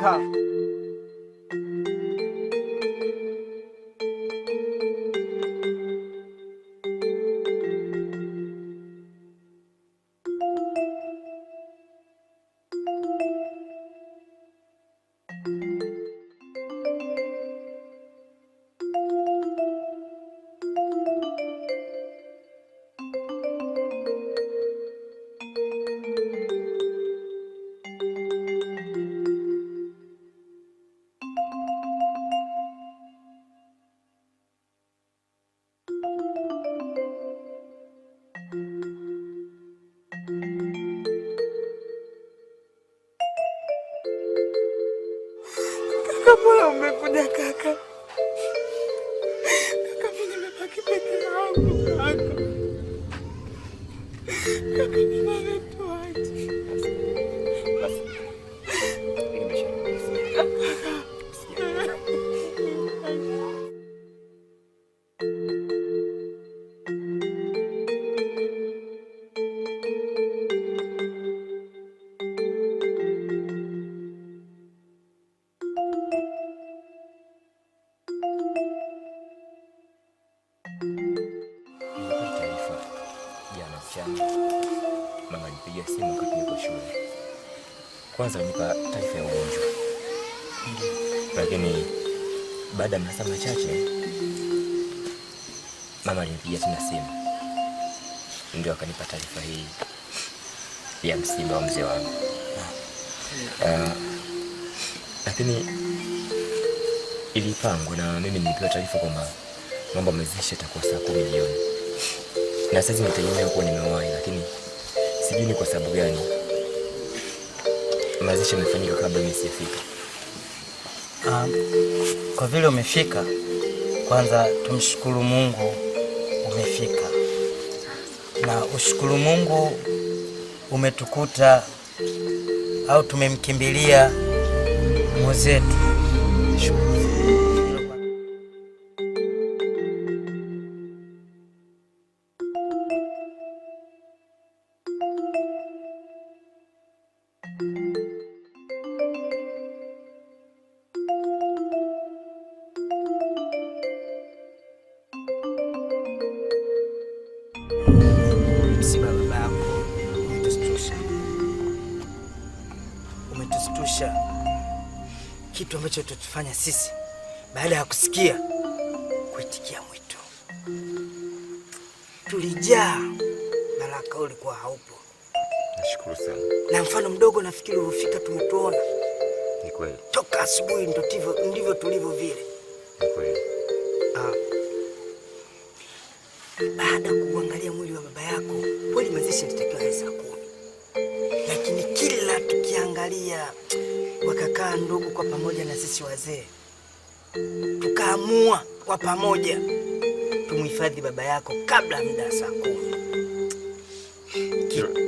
你看。Kaka umekuja kaka. Kaka mimi nimebaki peke yangu kaka. Kaka nina wetu aje. kwanza nipa taarifa ya ugonjwa, lakini baada ya masaa machache mama alinipigia tena simu, ndio akanipa taarifa hii ya msiba wa mzee wangu. Uh, lakini ilipangwa na mimi nilipewa taarifa kwamba mambo mazishi yatakuwa saa kumi jioni, na sasa nitegemea kuwa nimewahi, lakini sijui ni kwa sababu gani mazishi yamefanyika kabla mimi sijafika. Ah, um, kwa vile umefika, kwanza tumshukuru Mungu umefika, na ushukuru Mungu umetukuta au tumemkimbilia mwenzetu. kitu ambacho tutufanya sisi baada ya kusikia kuitikia mwito. Tulijaa baraka, ulikuwa haupo. Nashukuru sana, na mfano mdogo nafikiri ulifika, tumetuona. Ni kweli, toka asubuhi ndivyo tulivyo vile. Ni kweli. Ah baada kuangalia mwili wa baba yako kweli mazishi yalitakiwa ya saa kumi, lakini kila tukiangalia wakakaa ndugu kwa pamoja na sisi wazee tukaamua kwa pamoja tumhifadhi baba yako kabla muda saa kumi.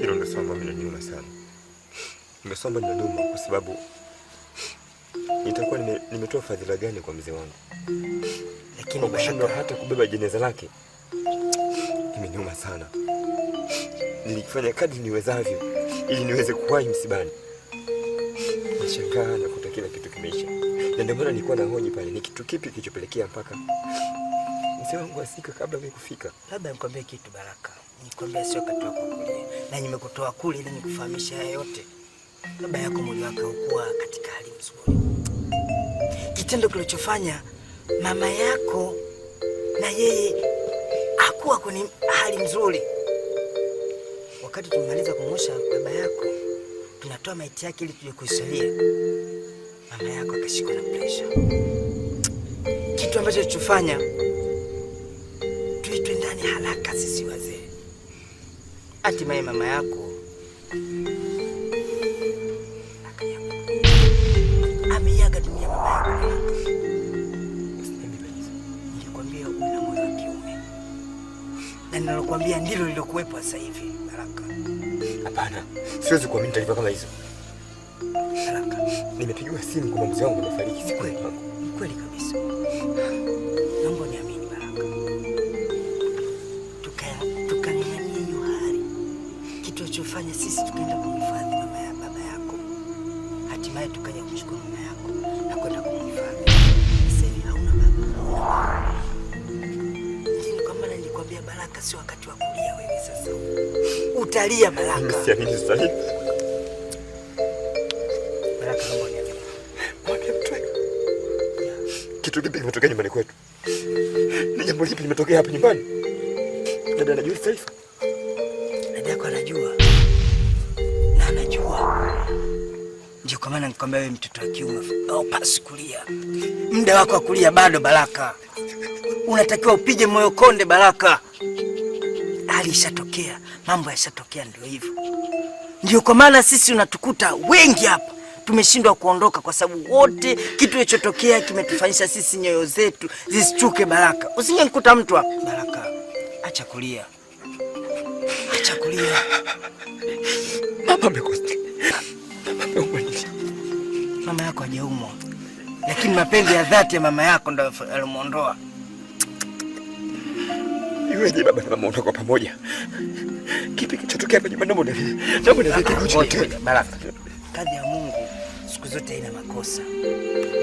Hilo nimesoma ninaniuma sana, nimesoma ninaniuma kwa sababu nitakuwa nimetoa fadhila gani kwa mzee wangu, lakini bashindwa hata kubeba jeneza lake imenyuma sana. Nilikifanya kadri niwezavyo ili niweze kuwahi msibani. Nashangaa nakuta kila kitu kimeisha, na ndio maana nilikuwa na hoji pale, ni kitu kipi kilichopelekea mpaka mzee wangu asika kabla mimi kufika. Labda nikwambie kitu Baraka, nikwambie sio kitu wako kuja, na nimekutoa kule ili nikufahamisha haya yote. Labda yako mwili wake ukuwa katika hali nzuri. Kitendo kilichofanya mama yako na yeye hakuwa kwenye hali nzuri. Wakati tumemaliza kumosha baba yako, tunatoa maiti yake ili tuje kuisalia, mama yako akashikwa na presha, kitu ambacho tulichofanya tuitwe ndani haraka sisi wazee, hatimaye mama yako na nilokuambia ndilo lilokuwepo sasa hivi. Baraka, hapana, siwezi kuamini taarifa kama hizo. Baraka, nimepigiwa simu kwa mzee wangu amefariki. Si kweli? Ni Kweli kabisa. Naomba niamini Baraka, tukang'ang'ania hiyo hali, kitu alichofanya sisi, tukaenda kumhifadhi baba yako, hatimaye tukaja kumshukuru mama yako na kwenda kumhifadhi. Sasa hivi hauna baba Malaka sio wakati wa kulia wewe, sasa utalia Malaka. sasa hivi. Kitu kipi kimetokea nyumbani kwetu? Ni jambo lipi limetokea hapa nyumbani? Dada anajua sasa hivi. dada yako anajua na anajua. Ndio kwa maana nikwambia wewe, mtoto wa kiume au pasi kulia, muda wako wa kulia bado Baraka unatakiwa upige moyo konde, Baraka. Hali ishatokea, mambo yashatokea, ndio hivyo. Ndio kwa maana sisi unatukuta wengi hapa tumeshindwa kuondoka, kwa sababu wote kitu kilichotokea kimetufanyisha sisi nyoyo zetu zisichuke. Baraka, usingenikuta mtu hapa Baraka. Acha kulia, acha kulia. Mama amekosa, mama yako hajaumwa, lakini mapenzi ya dhati ya mama yako ndo alimwondoa wewe baba na mama pamoja. Kipi kichotokea hapa nyumbani? Naomba naomba niweke baraka. Kazi ya Mungu siku zote haina makosa.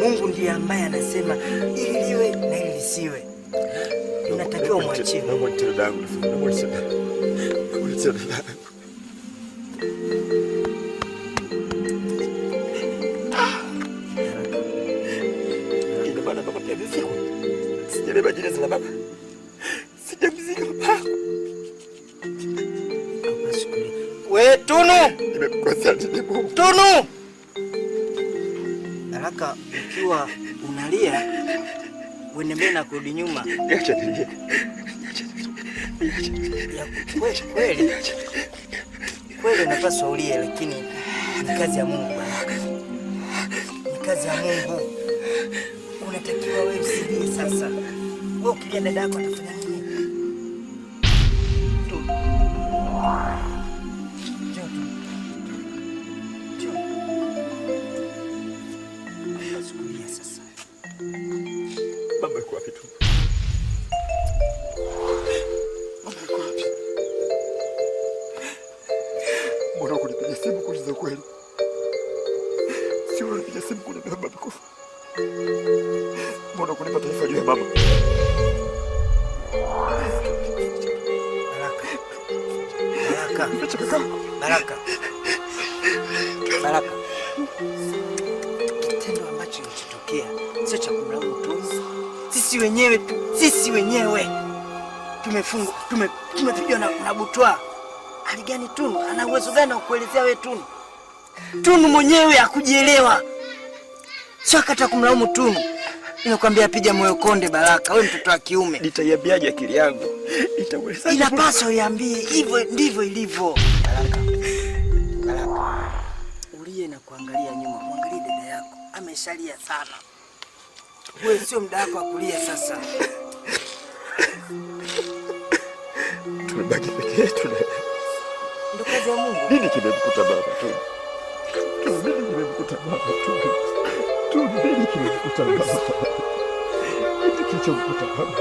Mungu ndiye ambaye anasema ili liwe na ili lisiwe. Unatakiwa mwachie. dangu. Ah! Baba. Tunu, nimekukosa nini Mungu? Tunu! Haraka ukiwa unalia uende mbele na kurudi nyuma. Niache nilie. Kweli kweli. Kweli unapaswa ulie, lakini ni kazi ya Mungu. Ni kazi ya Mungu. Unatakiwa wewe usilie sasa. Wewe ukilia dada yako atafanya nini? Baraka. Baraka. Kitendo ambacho kilichotokea sio cha kumlaumu tu. Sisi wenyewe tu, sisi wenyewe tumefungwa, tumepigwa na, na butwa. Hali Tunu? Ana uwezo gani wa kuelezea wewe Tunu? Tunu mwenyewe hakujielewa. Sio kata kumlaumu Tunu. Ninakwambia piga moyo konde, Baraka, wewe mtoto wa kiume. Nitaiambiaje akili yangu? Itaweza? Inapaswa uiambie hivyo, ndivyo ilivyo. Baraka, Baraka, Uliye na kuangalia nyuma, muangalie dada yako, ameshalia sana. Wewe sio muda wako wa kulia sasa. Tumebaki peke yetu. Ndio kazi ya Mungu. Nini kimekuta baba tu? Nini kimekuta baba tu? tu nini baba? Nini kilichokukuta baba?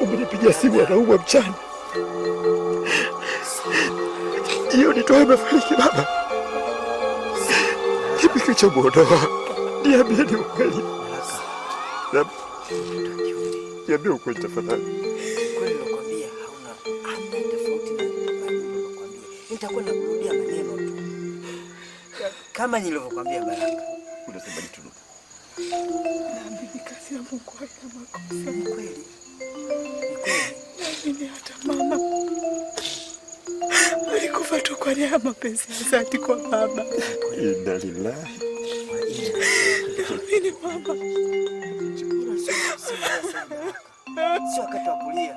Umenipigia simu anaumwa mchana, jioni tu amefariki baba. Kipi kilichomwondoa? Niambieni ukweli, niambie ukweli tafadhali. Nitakuwa nakurudia maneno tu kama nilivyokwambia Baraka unasemajitunuka naamini kazi ya Mungu haina makosa. Ni kweli, naamini hata mama alikufa tu kwa nia ya mapenzi ya dhati kwa baba. Inna lillahi naamini mama sio wakati wa kulia.